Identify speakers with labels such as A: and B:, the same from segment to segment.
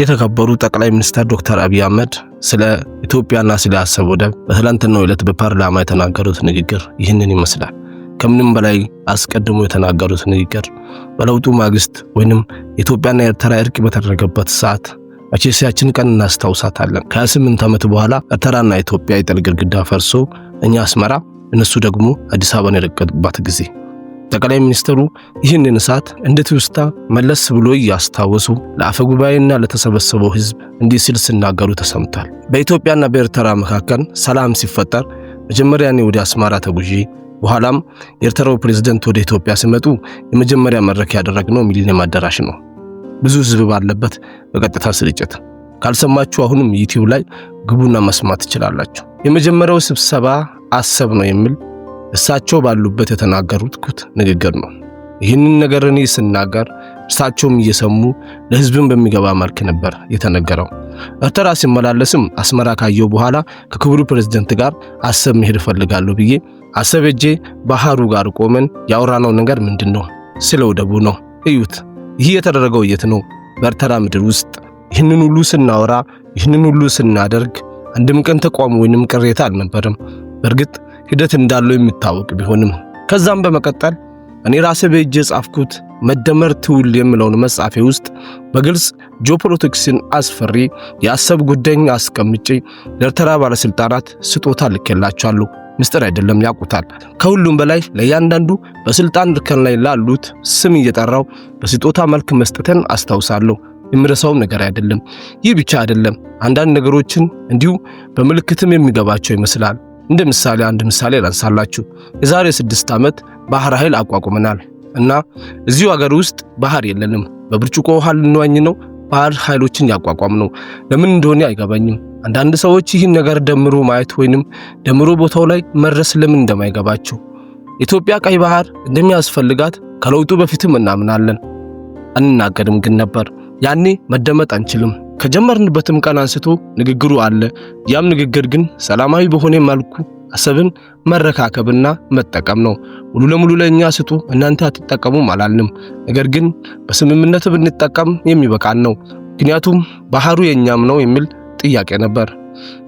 A: የተከበሩ ጠቅላይ ሚኒስትር ዶክተር አብይ አህመድ ስለ ኢትዮጵያና ስለ አሰብ ወደብ በትላንትናው ዕለት በፓርላማ የተናገሩት ንግግር ይህንን ይመስላል። ከምንም በላይ አስቀድሞ የተናገሩት ንግግር በለውጡ ማግስት ወይንም ኢትዮጵያና ኤርትራ እርቅ በተደረገበት ሰዓት መቼስ ያችን ቀን እናስታውሳታለን። ከስምንት ዓመት በኋላ ኤርትራና ኢትዮጵያ የጥል ግድግዳ ፈርሶ እኛ አስመራ እነሱ ደግሞ አዲስ አበባን የረገጡባት ጊዜ ጠቅላይ ሚኒስትሩ ይህንን እሳት እንደ ትውስታ መለስ ብሎ እያስታወሱ ለአፈ ጉባኤና ለተሰበሰበው ሕዝብ እንዲህ ሲል ሲናገሩ ተሰምቷል። በኢትዮጵያና በኤርትራ መካከል ሰላም ሲፈጠር መጀመሪያ እኔ ወደ አስመራ ተጉዤ በኋላም የኤርትራው ፕሬዝደንት ወደ ኢትዮጵያ ሲመጡ የመጀመሪያ መድረክ ያደረግነው ሚሊኒየም አዳራሽ ነው። ብዙ ሕዝብ ባለበት በቀጥታ ስርጭት ካልሰማችሁ አሁንም ዩቲዩብ ላይ ግቡና መስማት ትችላላችሁ። የመጀመሪያው ስብሰባ አሰብ ነው የሚል እሳቸው ባሉበት የተናገሩት ንግግር ነው። ይህንን ነገር እኔ ስናገር እርሳቸውም እየሰሙ ለህዝብም በሚገባ መልክ ነበር የተነገረው። ኤርትራ ሲመላለስም አስመራ ካየው በኋላ ከክቡሩ ፕሬዝደንት ጋር አሰብ መሄድ እፈልጋለሁ ብዬ አሰብ እጄ ባህሩ ጋር ቆመን ያወራነው ነገር ምንድን ነው? ስለ ወደቡ ነው። እዩት። ይህ የተደረገው የት ነው? በኤርትራ ምድር ውስጥ። ይህንን ሁሉ ስናወራ፣ ይህንን ሁሉ ስናደርግ አንድም ቀን ተቋም ወይንም ቅሬታ አልነበረም። በእርግጥ ሂደት እንዳለው የሚታወቅ ቢሆንም ከዛም በመቀጠል እኔ ራሴ በእጅ የጻፍኩት መደመር ትውል የምለውን መጽሐፌ ውስጥ በግልጽ ጂኦፖለቲክስን አስፈሪ የአሰብ ጉዳይን አስቀምጬ ለኤርትራ ባለሥልጣናት ስጦታ ልኬላቸዋለሁ። ምስጢር አይደለም፣ ያውቁታል። ከሁሉም በላይ ለእያንዳንዱ በሥልጣን እርከን ላይ ላሉት ስም እየጠራው በስጦታ መልክ መስጠትን አስታውሳለሁ። የምረሳውም ነገር አይደለም። ይህ ብቻ አይደለም፣ አንዳንድ ነገሮችን እንዲሁ በምልክትም የሚገባቸው ይመስላል። እንደ ምሳሌ አንድ ምሳሌ ላንሳላችሁ። የዛሬ ስድስት ዓመት ባህር ኃይል አቋቁመናል እና እዚሁ ሀገር ውስጥ ባህር የለንም። በብርጭቆ ውሃ ልንዋኝ ነው ባህር ኃይሎችን ያቋቋም ነው። ለምን እንደሆነ አይገባኝም። አንዳንድ ሰዎች ይህን ነገር ደምሮ ማየት ወይንም ደምሮ ቦታው ላይ መድረስ ለምን እንደማይገባቸው ኢትዮጵያ ቀይ ባህር እንደሚያስፈልጋት ከለውጡ በፊትም እናምናለን፣ አንናገርም ግን ነበር። ያኔ መደመጥ አንችልም ከጀመርንበትም ቀን አንስቶ ንግግሩ አለ። ያም ንግግር ግን ሰላማዊ በሆነ መልኩ አሰብን መረካከብና መጠቀም ነው። ሙሉ ለሙሉ ለእኛ ስጡ እናንተ አትጠቀሙም አላልንም። ነገር ግን በስምምነት ብንጠቀም የሚበቃን ነው። ምክንያቱም ባህሩ የኛም ነው የሚል ጥያቄ ነበር።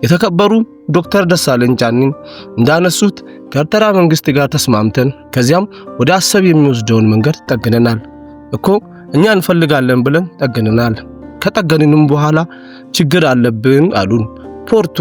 A: የተከበሩ ዶክተር ደሳለኝ ጫኔን እንዳነሱት ከኤርትራ መንግስት ጋር ተስማምተን ከዚያም ወደ አሰብ የሚወስደውን መንገድ ጠግነናል እኮ እኛ እንፈልጋለን ብለን ጠግነናል። ከጠገንንም በኋላ ችግር አለብን አሉን። ፖርቱ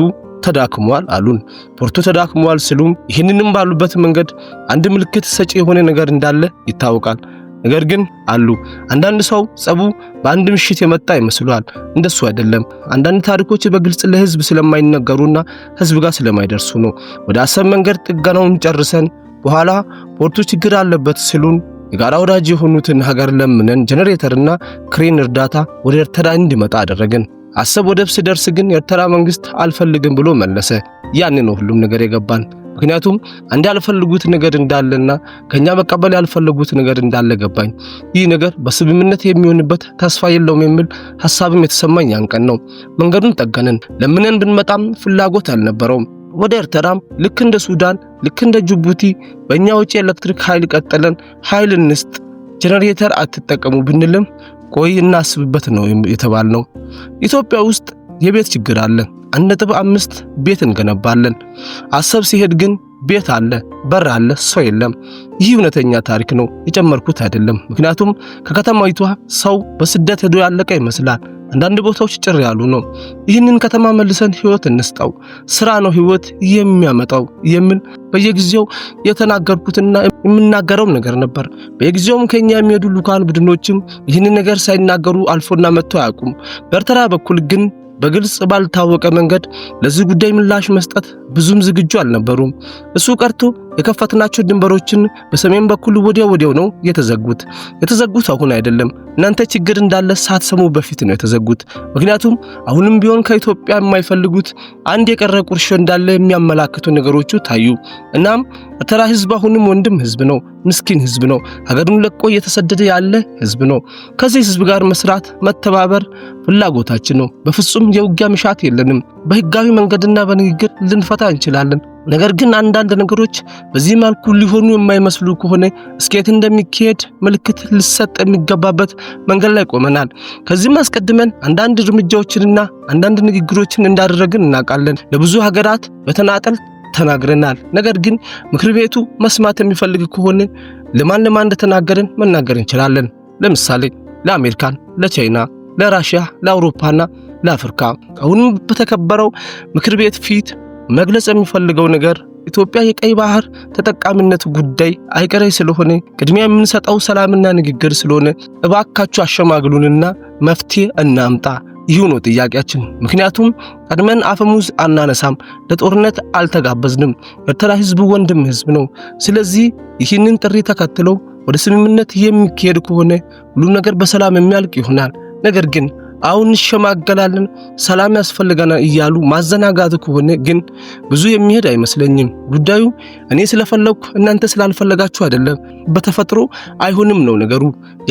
A: ተዳክሟል አሉን። ፖርቱ ተዳክሟል ስሉም ይህንንም ባሉበት መንገድ አንድ ምልክት ሰጪ የሆነ ነገር እንዳለ ይታወቃል። ነገር ግን አሉ አንዳንድ ሰው ጸቡ በአንድ ምሽት የመጣ ይመስሏል። እንደሱ አይደለም። አንዳንድ ታሪኮች በግልጽ ለህዝብ ስለማይነገሩና ህዝብ ጋር ስለማይደርሱ ነው። ወደ አሰብ መንገድ ጥገናውን ጨርሰን በኋላ ፖርቱ ችግር አለበት ስሉን የጋራ ወዳጅ የሆኑትን ሀገር ለምነን ጀኔሬተርና ክሬን እርዳታ ወደ ኤርትራ እንዲመጣ አደረግን። አሰብ ወደብ ሲደርስ ግን የኤርትራ መንግስት አልፈልግም ብሎ መለሰ። ያን ነው ሁሉም ነገር የገባን። ምክንያቱም አንድ ያልፈልጉት ነገር እንዳለና ከኛ መቀበል ያልፈልጉት ነገር እንዳለ ገባኝ። ይህ ነገር በስምምነት የሚሆንበት ተስፋ የለውም የሚል ሀሳብም የተሰማኝ ያን ቀን ነው። መንገዱን ጠገንን። ለምነን ብንመጣም ፍላጎት አልነበረውም። ወደ ኤርትራም ልክ እንደ ሱዳን፣ ልክ እንደ ጅቡቲ በእኛ ውጭ ኤሌክትሪክ ኃይል ቀጠለን ኃይል እንስጥ ጄኔሬተር አትጠቀሙ ብንልም ቆይ እናስብበት ነው የተባልነው። ኢትዮጵያ ውስጥ የቤት ችግር አለ። አንድ ነጥብ አምስት ቤት እንገነባለን። አሰብ ሲሄድ ግን ቤት አለ፣ በር አለ፣ ሰው የለም። ይህ እውነተኛ ታሪክ ነው፣ የጨመርኩት አይደለም። ምክንያቱም ከከተማይቷ ሰው በስደት ሄዶ ያለቀ ይመስላል። አንዳንድ ቦታዎች ጭር ያሉ ነው። ይህንን ከተማ መልሰን ህይወት እንስጠው። ስራ ነው ህይወት የሚያመጣው የሚል በየጊዜው የተናገርኩትና የምናገረው ነገር ነበር። በየጊዜውም ከኛ የሚሄዱ ልዑካን ቡድኖችም ይህንን ነገር ሳይናገሩ አልፎና መጥቶ አያውቁም። በኤርትራ በኩል ግን በግልጽ ባልታወቀ መንገድ ለዚህ ጉዳይ ምላሽ መስጠት ብዙም ዝግጁ አልነበሩም። እሱ ቀርቶ የከፈትናቸው ድንበሮችን በሰሜን በኩል ወዲያ ወዲያው ነው የተዘጉት። የተዘጉት አሁን አይደለም፣ እናንተ ችግር እንዳለ ሳትሰሙ በፊት ነው የተዘጉት። ምክንያቱም አሁንም ቢሆን ከኢትዮጵያ የማይፈልጉት አንድ የቀረ ቁርሾ እንዳለ የሚያመላክቱ ነገሮቹ ታዩ። እናም ኤርትራ ህዝብ አሁንም ወንድም ህዝብ ነው፣ ምስኪን ህዝብ ነው፣ ሀገሩን ለቆ እየተሰደደ ያለ ህዝብ ነው። ከዚህ ህዝብ ጋር መስራት፣ መተባበር ፍላጎታችን ነው። በፍጹም የውጊያ ምሻት የለንም። በህጋዊ መንገድና በንግግር ልንፈታ እንችላለን። ነገር ግን አንዳንድ ነገሮች በዚህ መልኩ ሊሆኑ የማይመስሉ ከሆነ ስኬት እንደሚካሄድ ምልክት ሊሰጥ የሚገባበት መንገድ ላይ ቆመናል። ከዚህም አስቀድመን አንዳንድ እርምጃዎችንና አንዳንድ ንግግሮችን እንዳደረግን እናውቃለን። ለብዙ ሀገራት በተናጠል ተናግረናል። ነገር ግን ምክር ቤቱ መስማት የሚፈልግ ከሆነ ለማን ለማን እንደተናገርን መናገር እንችላለን። ለምሳሌ ለአሜሪካን፣ ለቻይና፣ ለራሽያ፣ ለአውሮፓና ለአፍሪካ አሁንም በተከበረው ምክር ቤት ፊት መግለጽ የሚፈልገው ነገር ኢትዮጵያ የቀይ ባህር ተጠቃሚነት ጉዳይ አይቀሬ ስለሆነ ቅድሚያ የምንሰጠው ሰላምና ንግግር ስለሆነ እባካችሁ አሸማግሉንና መፍትሄ እናምጣ። ይህ ነው ጥያቄያችን። ምክንያቱም ቀድመን አፈሙዝ አናነሳም፣ ለጦርነት አልተጋበዝንም። ኤርትራ ህዝብ ወንድም ህዝብ ነው። ስለዚህ ይህንን ጥሪ ተከትለው ወደ ስምምነት የሚካሄድ ከሆነ ሁሉም ነገር በሰላም የሚያልቅ ይሆናል። ነገር ግን አሁን እንሸማገላለን፣ ሰላም ያስፈልገናል እያሉ ማዘናጋት ከሆነ ግን ብዙ የሚሄድ አይመስለኝም። ጉዳዩ እኔ ስለፈለግኩ እናንተ ስላልፈለጋችሁ አይደለም፣ በተፈጥሮ አይሆንም ነው ነገሩ።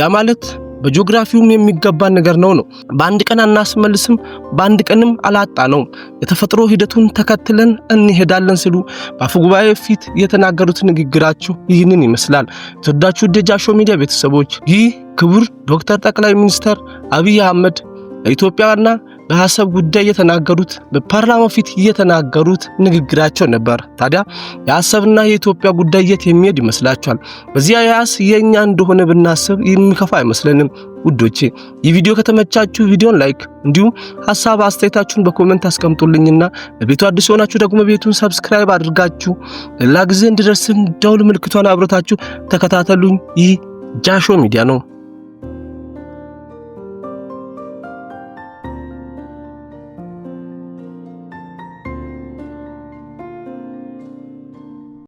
A: ያ ማለት በጂኦግራፊውም የሚገባ ነገር ነው ነው በአንድ ቀን አናስመልስም፣ በአንድ ቀንም አላጣ ነው የተፈጥሮ ሂደቱን ተከትለን እንሄዳለን ሲሉ በአፈጉባኤ ፊት የተናገሩት ንግግራቸው ይህንን ይመስላል። የተወዳችሁ ደጃሾ ሚዲያ ቤተሰቦች ይህ ክቡር ዶክተር ጠቅላይ ሚኒስትር አብይ አህመድ ኢትዮጵያና በሐሰብ ጉዳይ የተናገሩት በፓርላማው ፊት የተናገሩት ንግግራቸው ነበር። ታዲያ የሐሰብና የኢትዮጵያ ጉዳይ የት የሚሄድ ይመስላችኋል? በዚያ ያስ የእኛ እንደሆነ ብናስብ የሚከፋ አይመስለንም። ውዶቼ ይህ ቪዲዮ ከተመቻችሁ ቪዲዮን ላይክ፣ እንዲሁም ሐሳብ አስተያየታችሁን በኮሜንት አስቀምጡልኝና በቤቱ አዲስ የሆናችሁ ደግሞ ቤቱን ሰብስክራይብ አድርጋችሁ ሌላ ጊዜ እንዲደርስን ደውል ምልክቷን አብረታችሁ ተከታተሉኝ። ይህ ጃሾ ሚዲያ ነው።